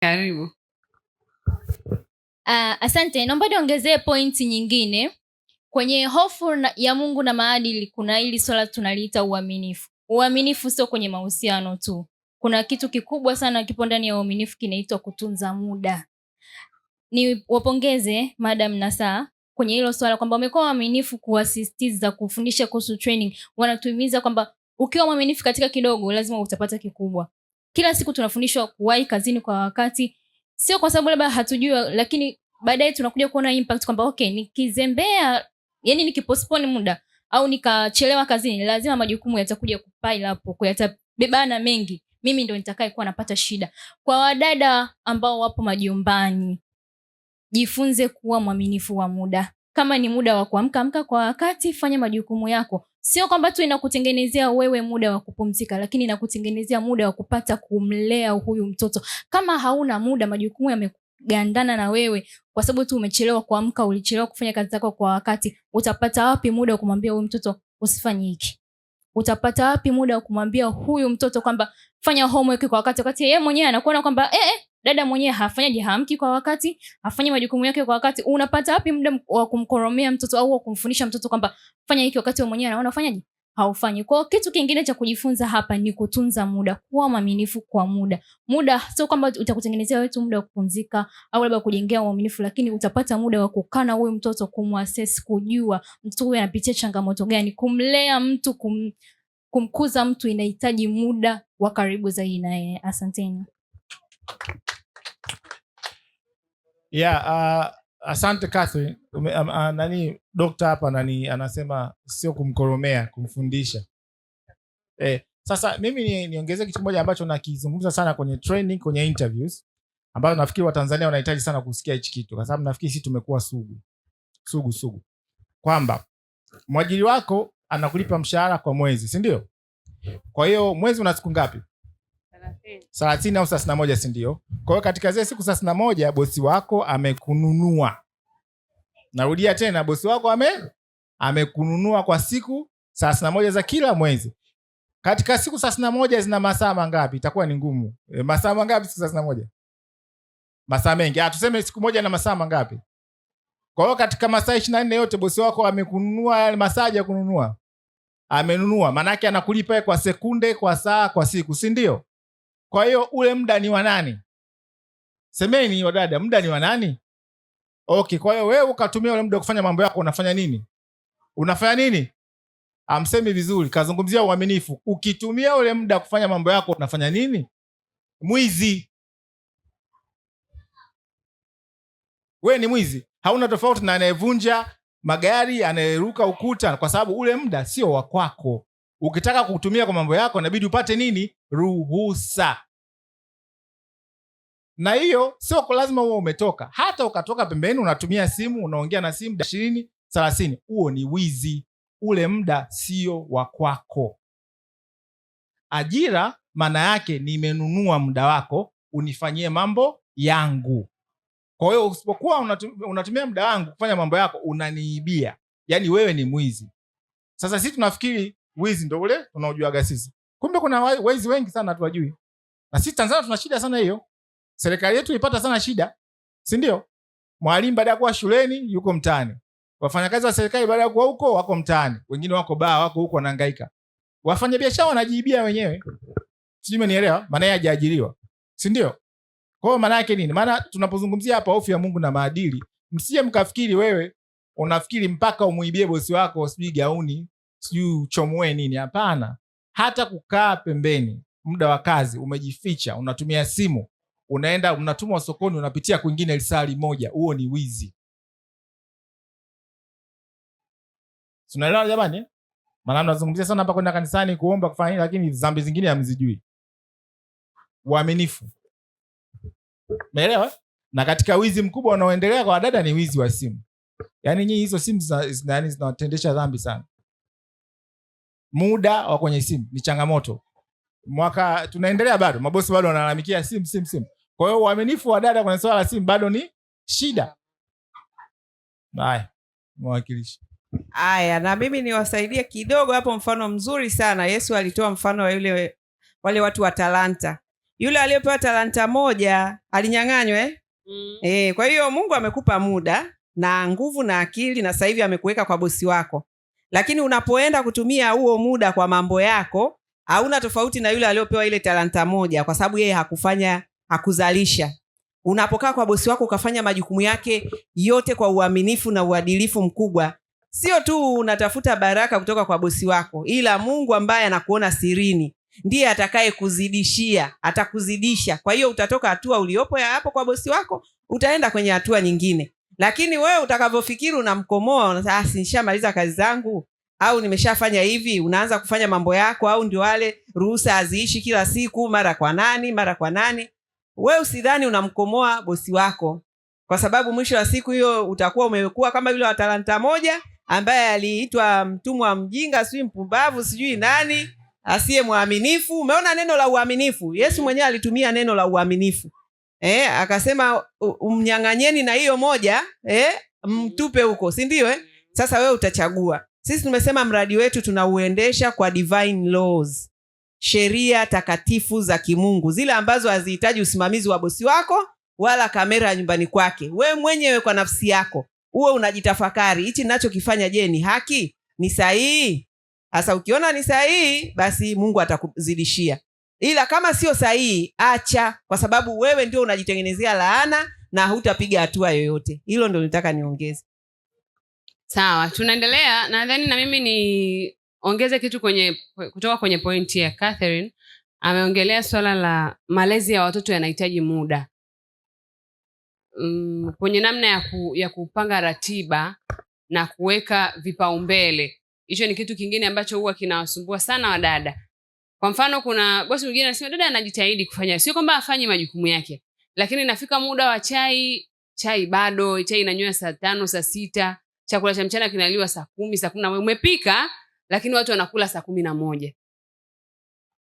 Karibu. Uh, asante, naomba niongezee pointi nyingine kwenye hofu na, ya Mungu na maadili. Kuna hili swala tunaliita uaminifu. Uaminifu sio kwenye mahusiano tu, kuna kitu kikubwa sana kipo ndani ya uaminifu kinaitwa kutunza muda. Ni wapongeze Madam saa kwenye hilo swala kwamba wamekuwa waaminifu kuwasistiza kufundisha kuhusu training, kwamba ukiwa mwaminifu katika kidogo lazima utapata kikubwa kila siku tunafundishwa kuwahi kazini kwa wakati, sio kwa sababu labda hatujui, lakini baadaye tunakuja kuona impact kwamba okay, nikizembea, yani nikipostpone muda au nikachelewa kazini, lazima majukumu yatakuja kupaila hapo, mengi, mimi ndo nitakaye kuwa napata shida. Kwa wadada ambao wapo majumbani, jifunze kuwa mwaminifu wa muda. Kama ni muda wa kuamka, amka kwa wakati, fanya majukumu yako. Sio kwamba tu inakutengenezea wewe muda wa kupumzika, lakini inakutengenezea muda wa kupata kumlea huyu mtoto. Kama hauna muda, majukumu yamegandana na wewe, kwa sababu tu umechelewa kuamka, ulichelewa kufanya kazi zako kwa wakati, utapata wapi muda wa kumwambia huyu mtoto usifanye hiki? Utapata wapi muda wa kumwambia huyu mtoto kwamba fanya homework kwa wakati, wakati yeye mwenyewe anakuona kwamba eh, eh dada mwenyewe hafanyaje, haamki kwa wakati, hafanyi majukumu yake kwa wakati. Unapata wapi muda wa kumkoromea mtoto au wa kumfundisha mtoto kwamba fanya hiki wakati wewe mwenyewe anaona unafanyaje? Haufanyi. Kwa kitu kingine cha kujifunza hapa ni kutunza muda, kuwa mwaminifu kwa muda. Muda sio kwamba utakutengenezea wewe tu muda wa kupumzika au labda kujengea uaminifu, lakini utapata muda wa kukana na huyu mtoto, kumwassess, kujua mtoto huyu anapitia changamoto gani. Kumlea mtu kum, kumkuza mtu inahitaji muda wa karibu zaidi naye. Asanteni. Yeah, uh, asante Catherine. Ume, um, uh, nani dokta hapa nani anasema sio kumkoromea, kumfundisha eh. Sasa mimi niongezee ni kitu kimoja ambacho nakizungumza sana kwenye training, kwenye interviews ambayo nafikiri Watanzania wanahitaji sana kusikia hichi kitu, kwa sababu nafikiri sisi tumekuwa sugu sugu sugu, kwamba mwajiri wako anakulipa mshahara kwa mwezi, si ndio? Kwa hiyo mwezi una siku ngapi? thelathini au thelathini na moja si ndio? Kwa hiyo katika zile siku thelathini na moja bosi wako amekununua. Narudia tena, bosi wako ame amekununua kwa siku thelathini na moja za kila mwezi. Katika siku thelathini na moja zina masaa mangapi? Itakuwa ni ngumu. E, masaa mangapi siku thelathini na moja? Masaa mengi. Ah, tuseme siku moja na masaa mangapi? Kwa hiyo katika masaa 24 yote bosi wako amekununua yale masaa ya kununua. Amenunua, maana anakulipa kwa sekunde, kwa saa, kwa siku, si ndio? Kwa hiyo ule muda ni wa nani? Semeni wadada, muda ni wa nani? Okay, kwa hiyo wewe ukatumia ule muda kufanya mambo yako, unafanya nini? Unafanya nini? Amsemi vizuri, kazungumzia uaminifu. Ukitumia ule muda kufanya mambo yako, unafanya nini? Mwizi. We ni mwizi, hauna tofauti na anayevunja magari, anayeruka ukuta, kwa sababu ule muda sio wa kwako. Ukitaka kutumia kwa mambo yako inabidi upate nini? Ruhusa. Na hiyo sio lazima uwe umetoka, hata ukatoka pembeni, unatumia simu, unaongea na simu ishirini thelathini, huo ni wizi. Ule muda sio wa kwako. Ajira maana yake nimenunua muda wako unifanyie mambo yangu. Kwa hiyo usipokuwa unatumia muda wangu kufanya mambo yako, unaniibia, yaani wewe ni mwizi. Sasa sisi tunafikiri wizi ndo ule unaojuaga sisi. Kumbe kuna wezi wengi sana tuwajui, na sisi Tanzania tuna shida sana hiyo. Serikali yetu ipata sana shida, sindio Mwalimu baada ya kuwa shuleni yuko mtaani, wafanyakazi wa serikali baada ya kuwa huko wako mtaani, wengine wako baa, wako huko wanahangaika, biashara wanajiibia wenyewe, sijui menielewa Maana yeye hajaajiriwa, sindio kwao maana yake nini? Maana tunapozungumzia hapa hofu ya Mungu na maadili, msije mkafikiri wewe unafikiri mpaka umuibie bosi wako sijui gauni sijui uchomoe nini. Hapana, hata kukaa pembeni muda wa kazi umejificha, unatumia simu, unaenda unatumwa sokoni, unapitia kwingine lisaa moja huo ni wizi. Tunaelewa jamani? Maana mnazungumzia sana hapa kwenda kanisani kuomba kufanya, nini lakini dhambi zingine hamzijui. Uaminifu, umeelewa? Na katika wizi mkubwa unaoendelea kwa wadada ni wizi wa simu, yaani nyinyi hizo simu zinatendesha zina, zina dhambi sana muda wa kwenye simu ni changamoto. Mwaka tunaendelea bado, mabosi bado wanalalamikia simu, simu, simu. Kwa hiyo uaminifu wa dada kwenye swala la simu bado ni shida. Haya, mwakilishi Aya, na mimi niwasaidie kidogo hapo. Mfano mzuri sana Yesu alitoa mfano wa yule wale watu wa talanta. Yule aliyepewa talanta moja alinyang'anywa eh? Mm. E, kwa hiyo Mungu amekupa muda na nguvu na akili, na sasa hivi amekuweka kwa bosi wako. Lakini unapoenda kutumia huo muda kwa mambo yako, hauna tofauti na yule aliyopewa ile talanta moja, kwa sababu yeye hakufanya, hakuzalisha. Unapokaa kwa bosi wako ukafanya majukumu yake yote kwa uaminifu na uadilifu mkubwa, sio tu unatafuta baraka kutoka kwa bosi wako, ila Mungu ambaye anakuona sirini ndiye atakaye kuzidishia, atakuzidisha. Kwa hiyo utatoka hatua uliopo ya hapo kwa bosi wako, utaenda kwenye hatua nyingine. Lakini wewe utakavyofikiri unamkomoa, unasema ah, nishamaliza kazi zangu au nimeshafanya hivi, unaanza kufanya mambo yako, au ndio wale ruhusa haziishi, kila siku mara kwa nani mara kwa nani. We usidhani unamkomoa bosi wako, kwa sababu mwisho wa siku hiyo utakuwa umekuwa kama vile watalanta moja ambaye aliitwa mtumwa mjinga, sijui mpumbavu, sijui nani asiye mwaminifu. Umeona neno la uaminifu, Yesu mwenyewe alitumia neno la uaminifu eh, akasema mnyang'anyeni na hiyo moja eh, mtupe huko, si ndio? Eh? Sasa wewe utachagua. Sisi tumesema mradi wetu tunauendesha kwa divine laws, sheria takatifu za kimungu, zile ambazo hazihitaji usimamizi wa bosi wako wala kamera ya nyumbani kwake. We mwenyewe kwa nafsi yako uwe unajitafakari, hichi nachokifanya, je, ni haki? Ni sahihi? hasa ukiona ni sahihi, basi Mungu atakuzidishia ila kama sio sahihi acha, kwa sababu wewe ndio unajitengenezea laana na hutapiga hatua yoyote. Hilo ndio nitaka niongeze. Sawa, tunaendelea. Nadhani na mimi niongeze kitu kwenye kutoka kwenye pointi ya Catherine. Ameongelea swala la malezi ya watoto yanahitaji muda mm, kwenye namna ya, ku, ya kupanga ratiba na kuweka vipaumbele. Hicho ni kitu kingine ambacho huwa kinawasumbua sana wadada kwa mfano, kuna bosi mwingine anasema dada anajitahidi kufanya, sio kwamba afanye majukumu yake, lakini nafika muda wa chai, chai bado, chai inanywa saa tano, saa sita, chakula cha mchana kinaliwa saa kumi, saa kumi na umepika lakini watu wanakula saa kumi na moja.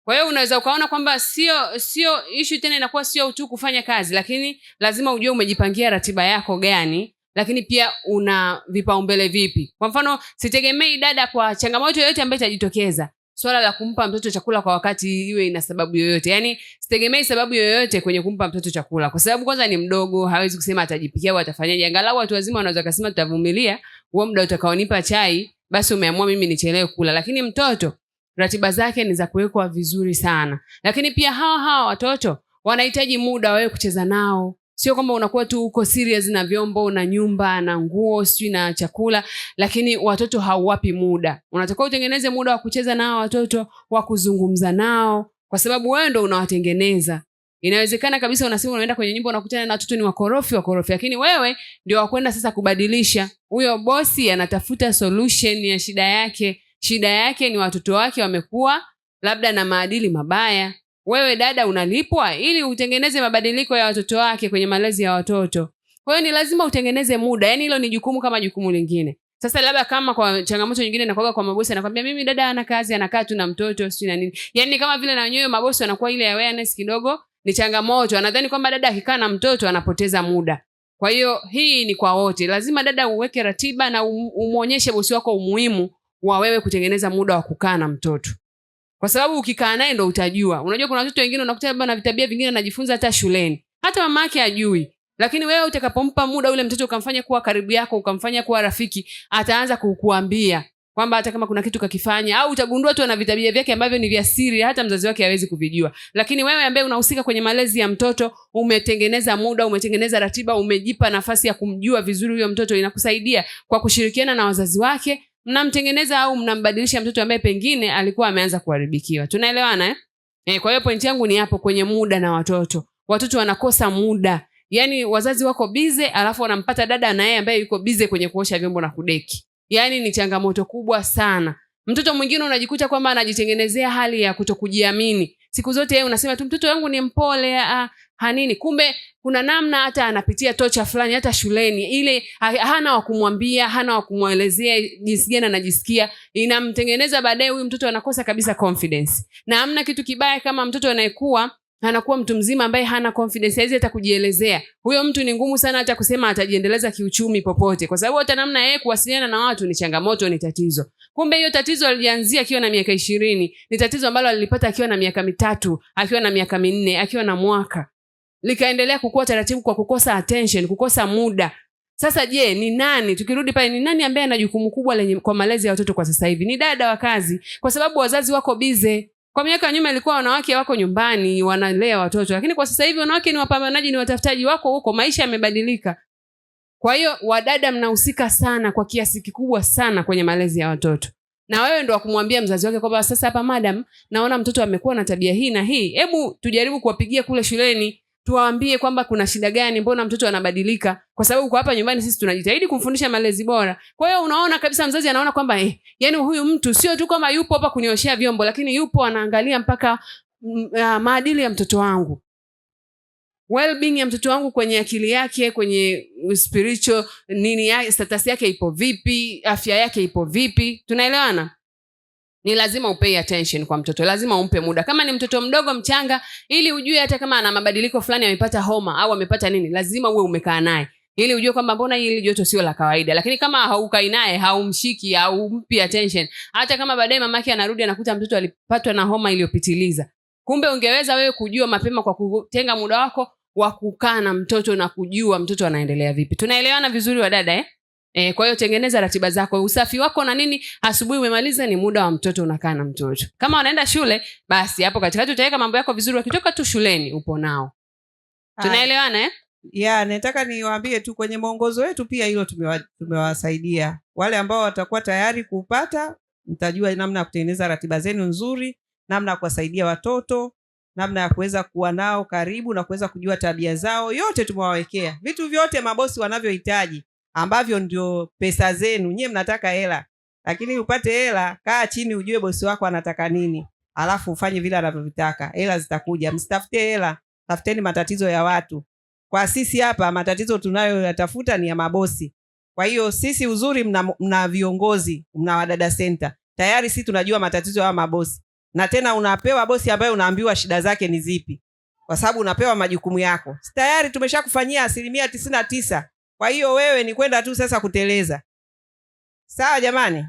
Kwa hiyo unaweza ukaona kwamba sio sio issue tena, inakuwa sio tu kufanya kazi, lakini lazima ujue umejipangia ratiba yako gani, lakini pia una vipaumbele vipi. Kwa mfano, sitegemei dada kwa changamoto yoyote ambayo itajitokeza swala la kumpa mtoto chakula kwa wakati iwe ina sababu yoyote. Yani sitegemei sababu yoyote kwenye kumpa mtoto chakula, kwa sababu kwanza ni mdogo, hawezi kusema atajipikia au atafanyaje. Angalau watu wazima wanaweza kusema tutavumilia huo muda utakaonipa chai, basi umeamua mimi nichelewe kula, lakini mtoto ratiba zake ni za kuwekwa vizuri sana. Lakini pia hawa hawa watoto wanahitaji muda wawewe kucheza nao, Sio kwamba unakuwa tu uko serious na vyombo na nyumba na nguo sijui na chakula, lakini watoto hauwapi muda. Unatakiwa utengeneze muda wa kucheza nao watoto, wa kuzungumza nao, kwa sababu wewe ndo unawatengeneza. Inawezekana kabisa unasema unaenda kwenye nyumba unakutana na watoto ni wakorofi wakorofi, lakini wewe ndio wakwenda sasa kubadilisha. Huyo bosi anatafuta solution ya shida yake. Shida yake ni watoto wake wamekuwa labda na maadili mabaya wewe dada unalipwa ili utengeneze mabadiliko ya watoto wake kwenye malezi ya watoto. Kwa hiyo ni lazima utengeneze muda, yani hilo ni jukumu kama jukumu lingine. Sasa labda kama kwa changamoto nyingine nakuaga kwa mabosi anakwambia mimi dada ana kazi anakaa tu na mtoto sio na nini, yani kama vile na wenyewe mabosi wanakuwa ile awareness kidogo ni changamoto, anadhani kwamba dada akikaa na mtoto anapoteza muda. Kwa hiyo hii ni kwa wote, lazima dada uweke ratiba na umuonyeshe bosi wako umuhimu wa wewe kutengeneza muda wa kukaa na mtoto kwa sababu ukikaa naye ndo utajua. Unajua kuna watoto wengine unakuta labda na vitabia vingine anajifunza hata shuleni, hata mama yake ajui, lakini wewe utakapompa muda ule mtoto ukamfanya kuwa karibu yako, ukamfanya kuwa rafiki, ataanza kukuambia kwamba hata kama kuna kitu kakifanya au utagundua tu ana vitabia vyake ambavyo ni vya siri, hata mzazi wake hawezi kuvijua. Lakini wewe ambaye unahusika kwenye malezi ya mtoto, umetengeneza muda, umetengeneza ratiba, umejipa nafasi ya kumjua vizuri huyo mtoto, inakusaidia kwa kushirikiana na wazazi wake mnamtengeneza au mnambadilisha mtoto ambaye pengine alikuwa ameanza kuharibikiwa. Tunaelewana eh? Eh, kwa hiyo pointi yangu ni hapo kwenye muda na watoto. Watoto wanakosa muda, yaani wazazi wako bize, alafu wanampata dada na yeye ambaye yuko bize kwenye kuosha vyombo na kudeki. Yaani ni changamoto kubwa sana. Mtoto mwingine unajikuta kwamba anajitengenezea hali ya kutokujiamini siku zote unasema tu mtoto wangu ni mpole a, hanini, kumbe kuna namna hata anapitia tocha fulani, hata shuleni ile hana wa kumwambia, hana wa kumwelezea jinsi gani anajisikia, inamtengeneza baadaye. Huyu mtoto anakosa kabisa confidence, na amna kitu kibaya kama mtoto anayekuwa anakuwa mtu mzima ambaye hana confidence, hawezi hata kujielezea. Huyo mtu ni ngumu sana hata kusema atajiendeleza kiuchumi popote, kwa sababu hata namna yeye kuwasiliana na watu ni changamoto, ni tatizo kumbe hiyo tatizo alianzia akiwa na miaka ishirini ni tatizo ambalo alilipata akiwa na miaka mitatu akiwa na miaka minne akiwa na mwaka likaendelea kukua taratibu kwa kukosa attention kukosa muda sasa je ni nani tukirudi pale ni nani ambaye ana jukumu kubwa lenye kwa malezi ya watoto kwa sasa hivi ni dada wa kazi kwa sababu wazazi wako bize kwa miaka nyuma ilikuwa wanawake wako nyumbani wanalea watoto lakini kwa sasa hivi wanawake ni wapambanaji ni watafutaji wako huko maisha yamebadilika kwa hiyo wadada, mnahusika sana kwa kiasi kikubwa sana kwenye malezi ya watoto, na wewe ndo wakumwambia mzazi wake kwamba sasa hapa madam, naona mtoto amekuwa na tabia hii na hii, hebu tujaribu kuwapigia kule shuleni tuwaambie kwamba kuna shida gani, mbona mtoto anabadilika? Kwa sababu kwa hapa nyumbani sisi tunajitahidi kumfundisha malezi bora. Kwa hiyo unaona kabisa mzazi anaona kwamba eh, yani huyu mtu sio tu kwamba yupo hapa kunioshea vyombo, lakini yupo anaangalia mpaka uh, maadili ya mtoto wangu well-being ya mtoto wangu kwenye akili yake, kwenye spiritual nini ya, status yake ipo vipi? Afya yake ipo vipi? Tunaelewana? Ni lazima upei attention kwa mtoto, lazima umpe muda. Kama ni mtoto mdogo mchanga, ili ujue hata kama ana mabadiliko fulani, amepata homa au amepata nini, lazima uwe umekaa naye ili ujue kwamba mbona hili joto sio la kawaida. Lakini kama haukai naye, haumshiki, haumpi attention, hata kama baadaye mamake anarudi anakuta mtoto alipatwa na homa iliyopitiliza, kumbe ungeweza wewe kujua mapema kwa kutenga muda wako wa kukaa na mtoto na kujua mtoto anaendelea vipi tunaelewana vizuri wa dada eh? Eh, kwa hiyo tengeneza ratiba zako, usafi wako na nini. Asubuhi umemaliza, ni muda wa mtoto, unakaa na mtoto. Kama wanaenda shule, basi hapo katikati utaweka mambo yako vizuri. Wakitoka tu shuleni, upo nao. Tunaelewana eh? Ya, nataka niwaambie tu kwenye mwongozo wetu pia hilo tumewasaidia. tumewa Wale ambao watakuwa tayari kupata mtajua namna ya kutengeneza ratiba zenu nzuri namna ya kuwasaidia watoto, namna ya kuweza kuwa nao karibu na kuweza kujua tabia zao. Yote tumewawekea vitu vyote mabosi wanavyohitaji, ambavyo ndio pesa zenu. Nyie mnataka hela, lakini upate hela, kaa chini, ujue bosi wako anataka nini, alafu ufanye vile anavyovitaka. Hela zitakuja. Msitafute hela, tafuteni matatizo ya watu. Kwa sisi hapa matatizo tunayoyatafuta ni ya mabosi. Kwa hiyo sisi uzuri mna, mna viongozi mna wadada senta tayari, si tunajua matatizo ya mabosi na tena unapewa bosi ambaye unaambiwa shida zake ni zipi, kwa sababu unapewa majukumu yako tayari. Tumeshakufanyia asilimia tisini na tisa, kwa hiyo wewe ni kwenda tu sasa kuteleza. Sawa jamani.